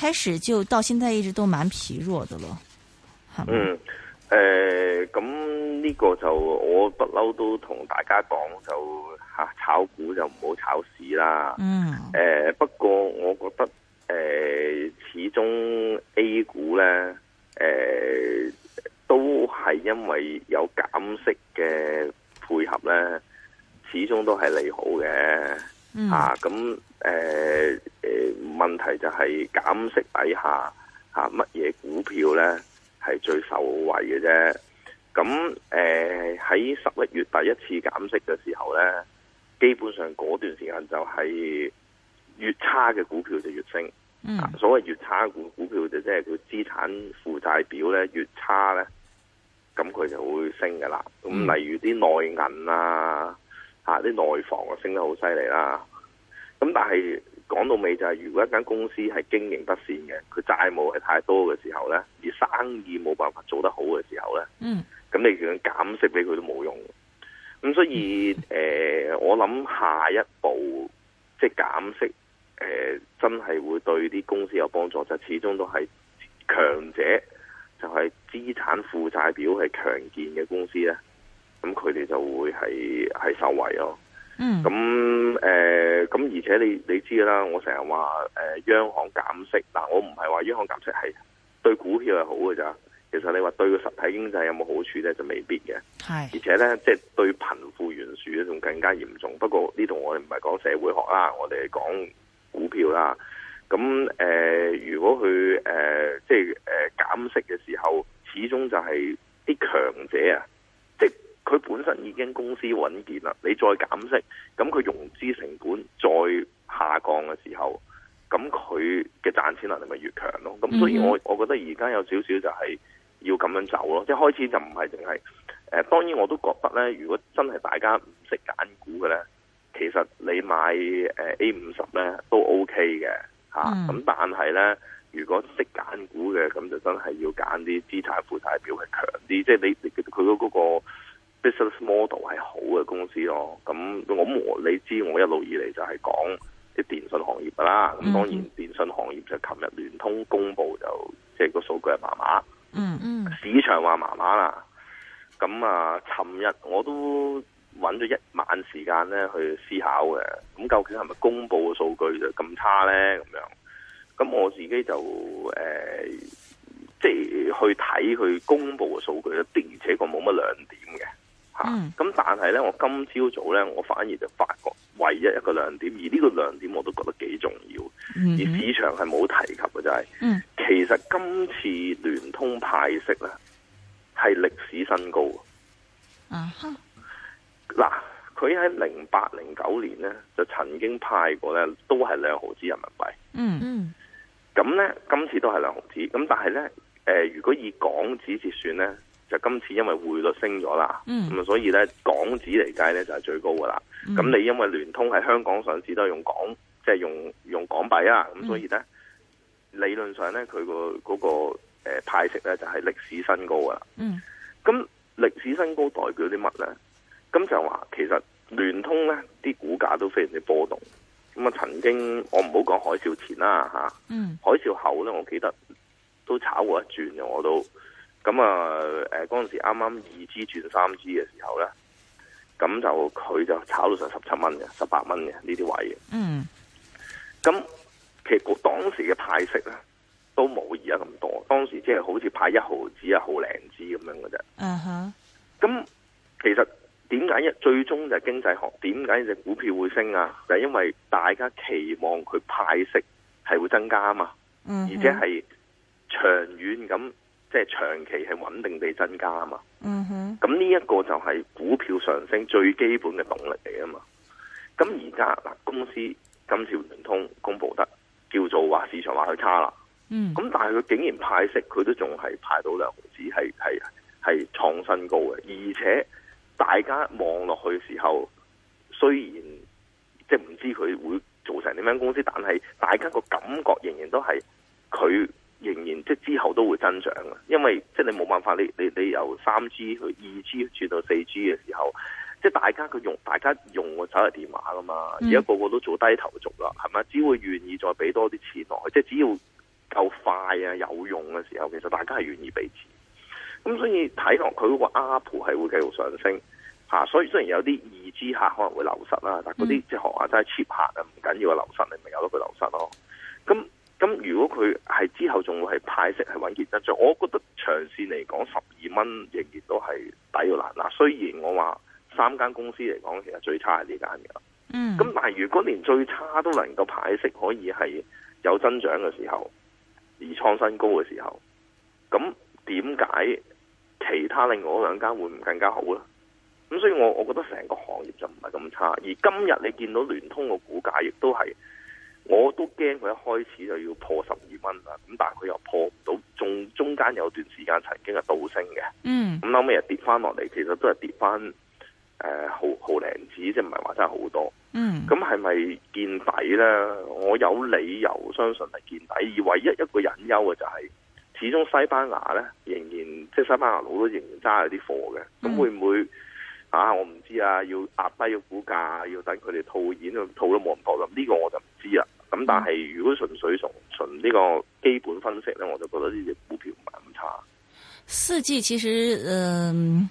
開始就到現在一直都蠻疲弱的咯，嗯，誒、呃，咁、這、呢個就我不嬲都同大家講就吓、啊，炒股就唔好炒市啦，嗯，誒、呃，不過我覺得誒、呃，始終 A 股咧，誒、呃，都係因為有減息嘅配合咧，始終都係利好嘅。吓咁，誒誒，問題就係減息底下吓，乜嘢股票咧係最受惠嘅啫？咁誒喺十一月第一次減息嘅時候咧，基本上嗰段時間就係越差嘅股票就越升。嗯啊，所謂越差股股票就即係叫資產負債表咧越差咧，咁佢就會升噶啦。咁例如啲內銀啊。吓啲內房啊，房升得好犀利啦！咁但係講到尾就係、是，如果一間公司係經營不善嘅，佢債務係太多嘅時候呢，而生意冇辦法做得好嘅時候呢，嗯，咁你就算減息俾佢都冇用。咁所以誒、嗯呃，我諗下一步即係減息，誒、呃，真係會對啲公司有幫助。始終就始終都係強者就係資產負債表係強健嘅公司呢。咁佢哋就會係係受惠咯。嗯。咁誒，咁、呃、而且你你知㗎啦，我成日話誒，央行減息，嗱、呃，我唔係話央行減息係對股票係好㗎咋。其實你話對個實體經濟有冇好處咧，就未必嘅。係是。而且咧，即、就、係、是、對貧富懸殊咧，仲更加嚴重。不過呢度我哋唔係講社會學啦，我哋係講股票啦。咁誒、呃，如果佢誒即係誒減息嘅時候，始終就係啲強者啊，即、就是佢本身已經公司穩健啦，你再減息，咁佢融資成本再下降嘅時候，咁佢嘅賺錢能力咪越強咯。咁所以我我覺得而家有少少就係要咁樣走咯，mm hmm. 即係開始就唔係淨係誒。當然我都覺得咧，如果真係大家唔識揀股嘅咧，其實你買誒 A 五十咧都 OK 嘅嚇。咁、啊 mm hmm. 但係咧，如果識揀股嘅，咁就真係要揀啲資產負債表係強啲，即係你佢嗰、嗰個。business model 係好嘅公司咯，咁我你知我一路以嚟就係講啲電信行業啦，咁當然電信行業就琴日聯通公佈就即係、就是、個數據係麻麻，嗯嗯，市場話麻麻啦，咁啊，尋日我都揾咗一晚時間咧去思考嘅，咁究竟係咪公布嘅數據就咁差咧？咁樣。咁我自己就誒即係去睇佢公布嘅數據咧，的而且確冇乜亮點嘅。咁、嗯啊、但係咧，我今朝早咧，我反而就發覺唯一一個亮點，而呢個亮點我都覺得幾重要，而市場係冇提及嘅就係、是，嗯、其實今次聯通派息咧係歷史新高。嗱、啊哈，佢喺零八零九年咧就曾經派過咧，都係兩毫紙人民幣、嗯。嗯嗯。咁咧，今次都係兩毫紙，咁但係咧，誒、呃，如果以港紙折算咧？就今次因為匯率升咗啦，咁啊、嗯、所以咧港紙嚟計咧就係最高噶啦。咁、嗯、你因為聯通喺香港上市都係用港，即、就、係、是、用用港幣啊。咁所以咧、嗯、理論上咧佢、那個嗰個、呃、派息咧就係歷史新高㗎啦。嗯，咁歷史新高代表啲乜咧？咁就話其實聯通咧啲股價都非常之波動。咁啊，曾經我唔好講海嘯前啦嚇，啊嗯、海嘯後咧我記得都炒過一轉嘅我都。咁啊，誒，嗰、呃、陣時啱啱二支轉三支嘅時候咧，咁就佢就炒到成十七蚊嘅，十八蚊嘅呢啲位。嗯、mm。咁、hmm. 其實當時嘅派息咧，都冇而家咁多。當時即係好似派一毫子啊、一毫零支咁樣嘅啫。嗯哼、uh。咁、huh. 其實點解一最終就係經濟學？點解隻股票會升啊？就係、因為大家期望佢派息係會增加啊嘛。嗯、mm。Hmm. 而且係長遠咁。即係長期係穩定地增加啊嘛，咁呢一個就係股票上升最基本嘅動力嚟啊嘛。咁而家公司今次聯通公布得叫做話市場話佢差啦，咁、mm hmm. 但係佢竟然派息，佢都仲係派到兩毫子，係係係創新高嘅。而且大家望落去嘅時候，雖然即係唔知佢會做成點樣公司，但係大家個感覺仍然都係佢。仍然即係之後都會增長嘅，因為即係你冇辦法，你你你由三 G 去二 G 轉到四 G 嘅時候，即係大家嘅用，大家用個手提電話噶嘛，而家、mm. 個個都做低頭族啦，係咪？只會願意再俾多啲錢落去，即係只要夠快啊有用嘅時候，其實大家係願意俾錢。咁所以睇落佢嗰個阿普係會繼續上升嚇、啊，所以雖然有啲二 G 客可能會流失啦，但嗰啲、mm. 是係嗰啲即係學下真係 cheap 客啊，唔緊要嘅流失，你咪有得佢流失咯。咁咁如果佢係之後仲會係派息，係穩健得着。我覺得長線嚟講，十二蚊仍然都係抵難啦。嗱，雖然我話三間公司嚟講，其實最差係呢間嘅啦。咁但係如果連最差都能夠派息，可以係有增長嘅時候，而創新高嘅時候，咁點解其他另外兩間會唔更加好呢？咁所以我我覺得成個行業就唔係咁差。而今日你見到聯通個股價亦都係。我都驚佢一開始就要破十二蚊啦，咁但係佢又破唔到，仲中，中間有段時間曾經係倒升嘅。嗯，咁後尾又跌翻落嚟，其實都係跌翻誒毫毫零子，即係唔係話真係好多。嗯，咁係咪見底咧？我有理由相信係見底，而唯一一個隱憂嘅就係、是，始終西班牙咧仍然即係西班牙佬都仍然揸住啲貨嘅，咁、嗯、會唔會啊？我唔知啊，要壓低個股價，要等佢哋套現，套都冇咁多。咁、這、呢個我就唔知啊。咁但係如果純粹從純呢個基本分析咧，我就覺得呢隻股票唔係咁差。四季其實，嗯、呃。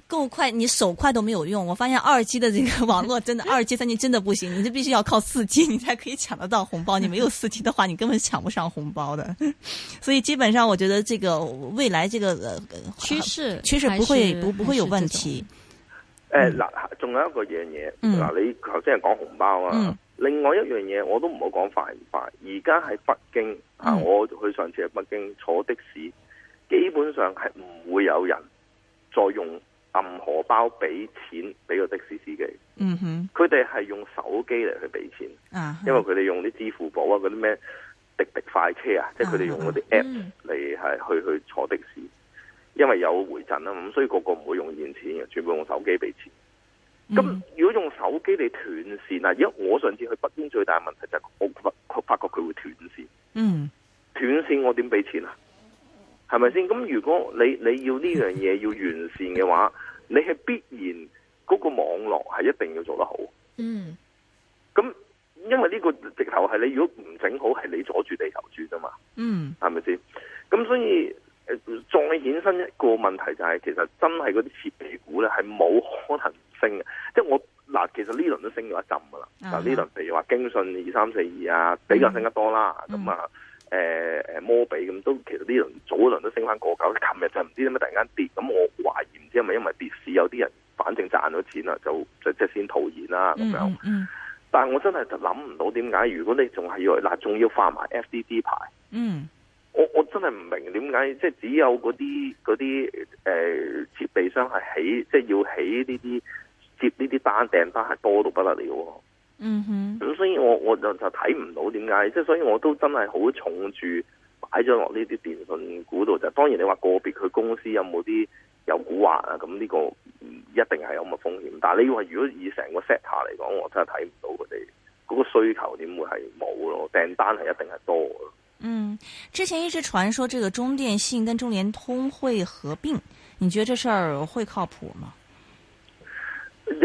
夠快，你手快都沒有用。我發現二 G 的這個網絡真的，二 G、三 G 真的不行，你就必須要靠四 G，你才可以搶得到紅包。 你沒有四 G 的話，你根本搶不上紅包的。 所以基本上，我覺得這個未來這個趨勢，啊、趨勢不會是不，不會有問題。誒、嗱、嗯，仲、呃、有一個樣嘢，嗱、嗯，你頭先係講紅包啊，嗯、另外一樣嘢，我都唔好講快唔快。而家喺北京、嗯、啊，我去上次喺北京坐的士，基本上係唔會有人再用。暗荷包俾錢俾個的士司機，嗯哼、mm，佢哋係用手機嚟去俾錢，uh huh. 因為佢哋用啲支付寶啊，嗰啲咩滴滴快車啊，uh huh. 即係佢哋用嗰啲 app 嚟係去、uh huh. 去坐的士，因為有回贈啦，咁所以個個唔會用現錢，全部用手機俾錢。咁、uh huh. 如果用手機你斷線啊，因為我上次去北京最大嘅問題就係我發發覺佢會斷線，嗯、uh，斷、huh. 線我點俾錢啊？係咪先？咁如果你你要呢樣嘢要完善嘅話，你係必然嗰個網絡係一定要做得好。嗯。咁因為呢個直頭係你如果唔整好，係你阻住地球轉噶嘛。嗯、mm. 係咪先？咁所以誒、呃，再衍生一個問題就係、是，其實真係嗰啲設備股咧係冇可能升嘅。即係我嗱，其實呢輪都升咗一浸噶啦。嗱、uh，呢輪譬如話京信二三四二啊，比較升得多啦。咁、mm. mm. 啊。誒誒，摩比咁都其實呢輪早一輪都升翻個九，琴日就唔知點解突然間跌，咁我懷疑唔知係咪因為跌市有啲人反正賺咗錢啦，就即即先套現啦咁樣。嗯，嗯但係我真係諗唔到點解，如果你仲係要嗱，仲要發埋 FDD 牌。嗯，我我真係唔明點解，即係只有嗰啲嗰啲誒設備商係起，即係要起呢啲接呢啲單訂單係多到不得了。嗯哼，咁所以我我就就睇唔到點解，即係所以我都真係好重住擺咗落呢啲電信股度就，當然你話個別佢公司有冇啲有古惑啊，咁呢個一定係有咁嘅風險。但係你話如果以成個 set 嚟講，我真係睇唔到佢哋嗰個需求點會係冇咯，訂單係一定係多咯。嗯，之前一直傳說這個中電信跟中聯通會合併，你覺得這事兒會靠譜嗎？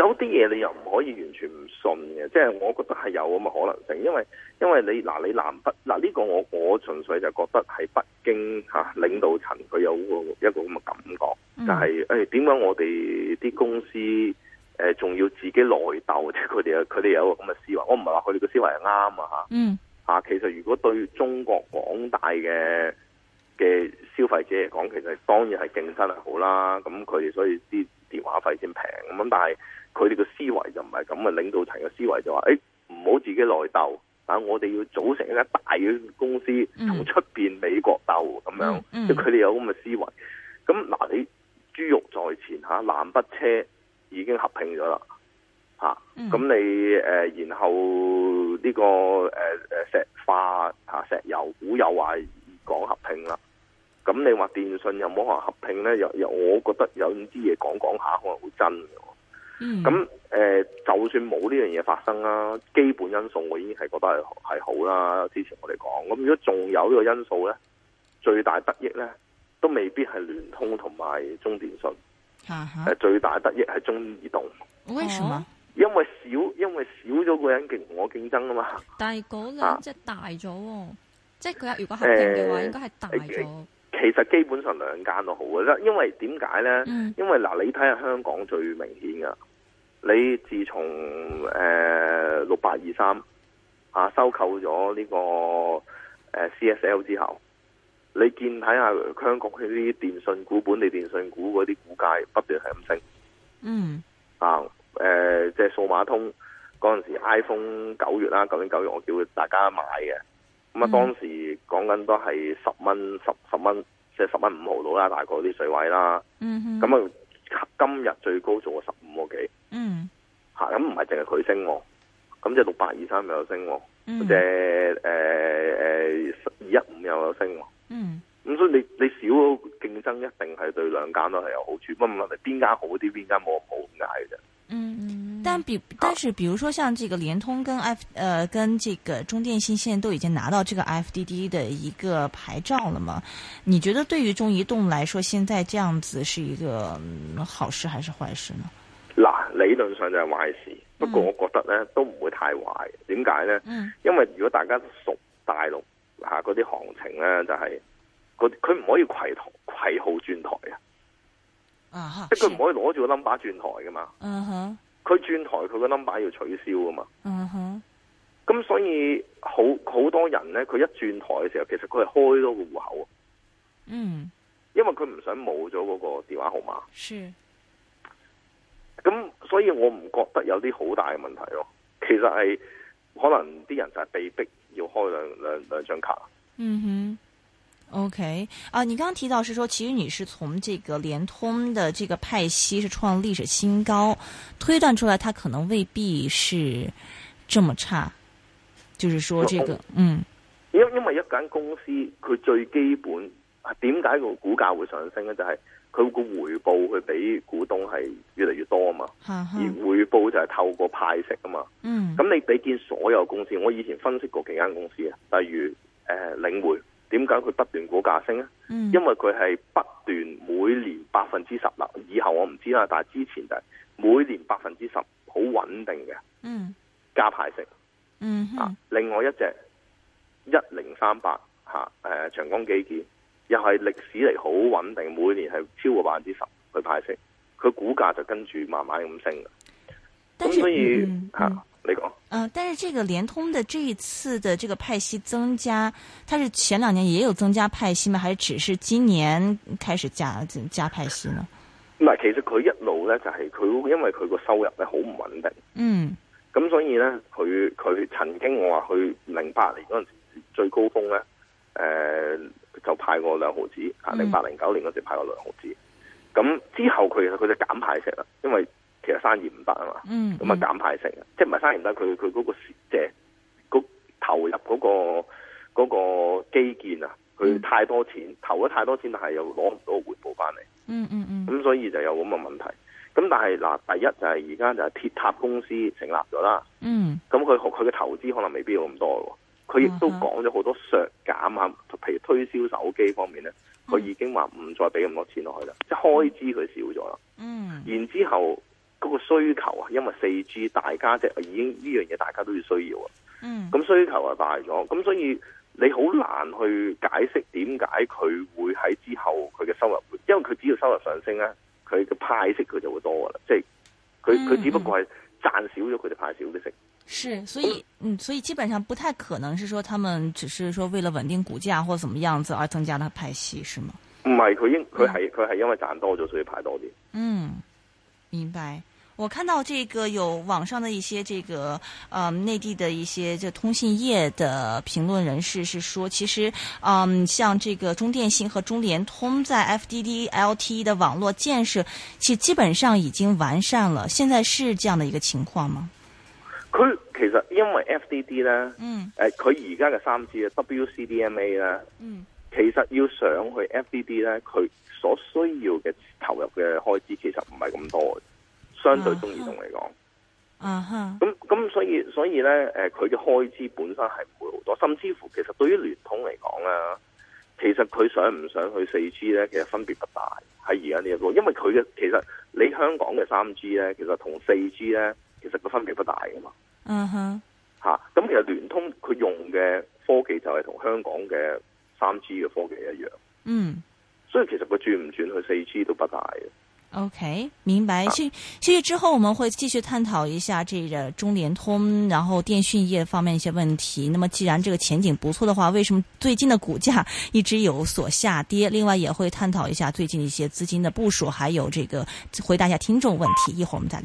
嗰啲嘢你又唔可以完全唔信嘅，即、就、係、是、我覺得係有咁嘅可能性，因為因為你嗱你南北嗱呢、這個我我純粹就覺得係北京吓、啊、領導層佢有個一個咁嘅感覺，就係誒點解我哋啲公司誒仲、呃、要自己內鬥，即係佢哋佢哋有個咁嘅思維，我唔係話佢哋嘅思維係啱啊吓，嗯，吓、啊、其實如果對中國廣大嘅嘅消費者嚟講，其實當然係競爭係好啦，咁佢哋所以啲。電話費先平咁，但係佢哋個思維就唔係咁啊！領導層嘅思維就話，誒唔好自己內鬥，但我哋要組成一間大嘅公司，同出邊美國鬥咁，嗯、樣。即係佢哋有咁嘅思維。咁嗱，你豬肉在前嚇，南北車已經合併咗啦嚇。咁，嗯啊、你誒、呃，然後呢、呢個誒誒、呃、石化嚇石油股又話講合併啦。咁你話電信有冇可能合併呢？又又我覺得有啲嘢講講下可能好真咁誒、嗯呃，就算冇呢樣嘢發生啦，基本因素我已經係覺得係好啦。之前我哋講，咁如果仲有呢個因素呢，最大得益呢都未必係聯通同埋中電信、啊哈呃。最大得益係中移動。為什麼？因為少，因為少咗個人競同我競爭啊嘛。但係嗰即隻大咗、哦，啊、即係佢如果合併嘅話應該，應該係大咗。欸欸其實基本上兩間都好嘅，因為點解呢？Mm. 因為嗱，你睇下香港最明顯嘅，你自從誒六八二三啊收購咗呢個、呃、C S L 之後，你見睇下香港佢啲電信股，本地電信股嗰啲股價不斷係咁升。嗯。Mm. 啊，誒、呃，即係數碼通嗰陣時，iPhone 九月啦，九月九月我叫大家買嘅。咁啊，嗯、當時講緊都係十蚊、十十蚊，即係十蚊五毫到啦，大概啲水位啦。嗯咁哼啊，今日最高做咗十五個幾。嗯。嚇、啊！咁唔係淨係佢升喎、啊，咁即係六百二三又有升喎、啊，嗯、哼或者誒誒一二一五又有升喎、啊。嗯。咁所以你你少競爭一定係對兩間都係有好處，唔唔係邊間好啲，邊間冇咁好咁解嘅啫。嗯嗯。但比，但是，比如說像這個聯通跟 F，呃，跟這個中電信，現在都已經拿到這個 FDD 的一個牌照了嘛？你覺得對於中移動來說，現在這樣子是一個好事還是壞事呢？嗱，理論上就係壞事，不過我覺得咧、嗯、都唔會太壞。點解咧？嗯，因為如果大家熟大陸吓嗰啲行情咧，就係佢佢唔可以攜攜號轉台啊哈，啊，即係佢唔可以攞住個 number 轉台噶嘛，嗯哼。佢轉台佢個 number 要取消啊嘛，嗯哼，咁所以好好多人咧，佢一轉台嘅時候，其實佢係開多個戶口啊，嗯，因為佢唔想冇咗嗰個電話號碼，咁是所以我唔覺得有啲好大嘅問題咯，其實係可能啲人就係被逼要開兩兩兩張卡，嗯哼。OK，啊，你剛剛提到是說，其實你是從這個聯通的這個派息是創歷史新高，推斷出來，它可能未必是這麼差，就是說這個，為嗯，因為因為一間公司佢最基本，點解個股價會上升呢就係佢個回報會比股東係越嚟越多啊嘛，而回報就係透過派息啊嘛，咁、嗯、你比見所有公司，我以前分析過幾間公司啊，例如誒、呃、領匯點解佢不斷股價升咧？因為佢係不斷每年百分之十，嗱以後我唔知啦，但係之前就係每年百分之十，好穩定嘅。嗯，加派息。嗯哼、啊、另外一隻一零三八吓，誒、啊呃、長江基建又係歷史嚟好穩定，每年係超過百分之十去派息，佢股價就跟住慢慢咁升了。咁是所以吓。嗯啊嗯嗯，你講但是這個聯通的這一次的這個派息增加，它是前兩年也有增加派息嗎？還是只是今年開始加加派息呢？唔係，其實佢一路呢，就係佢因為佢個收入咧好唔穩定，嗯，咁所以呢，佢佢曾經我話去零八年嗰陣最高峰呢，誒、呃、就派過兩毫子，啊零八零九年嗰陣派過兩毫子，咁之後佢佢就減派息啦，因為。其實生意唔得啊嘛，咁啊減排成，嗯嗯、即係唔係生意唔得。佢佢嗰個即係、就是、投入嗰、嗰個、嗰個基建啊，佢太多錢，嗯、投咗太多錢，但係又攞唔到回報翻嚟、嗯。嗯嗯嗯，咁所以就有咁嘅問題。咁但係嗱，第一就係而家就係鐵塔公司成立咗啦。嗯，咁佢佢嘅投資可能未必要咁多嘅，佢亦都講咗好多削減啊，譬如推銷手機方面咧，佢已經話唔再俾咁多錢落去啦，嗯、即係開支佢少咗啦。嗯，然之後。嗰個需求啊，因為四 G，大家即係已經呢樣嘢，大家都要需要啊。嗯，咁需求係大咗，咁所以你好難去解釋點解佢會喺之後佢嘅收入會，因為佢只要收入上升咧，佢嘅派息佢就會多噶啦。即係佢佢只不過係賺少咗，佢哋派少啲息。是，所以嗯，所以基本上不太可能是說，他們只是說為了穩定股價或什麼樣子而增加咗派息，是嗎？唔係，佢應佢係佢係因為賺多咗，所以派多啲。嗯。明白。我看到這個有網上的一些這個呃內地的一些這通信業的評論人士是說，其實嗯、呃、像這個中電信和中聯通在 FDD LTE 的網絡建設，其實基本上已經完善了。現在是這樣的一個情況嗎？佢其實因為 FDD 呢，嗯，誒、呃，佢而家嘅三 G 嘅 WCDMA 呢，嗯。其實要上去 FDD 呢，佢所需要嘅投入嘅開支其實唔係咁多，相對中移動嚟講，嗯哼、uh，咁、huh. 咁所以所以咧，誒，佢嘅開支本身係唔會好多，甚至乎其實對於聯通嚟講呢，其實佢上唔上去四 G 呢，其實分別不大，係而家呢個，因為佢嘅其實你香港嘅三 G 呢，其實同四 G 呢，其實個分別不大噶嘛，嗯哼、uh，吓、huh. 啊，咁其實聯通佢用嘅科技就係同香港嘅。三 G 嘅科技一樣，嗯，所以其實佢轉唔轉去四 G 都不大嘅。OK，明白。所以，所以之後我們會繼續探討一下這個中聯通，然後電訊業方面一些問題。那麼既然這個前景不錯的話，為什麼最近的股價一直有所下跌？另外也會探討一下最近一些資金的部署，還有這個回答一下聽眾問題。一會兒我們再聊。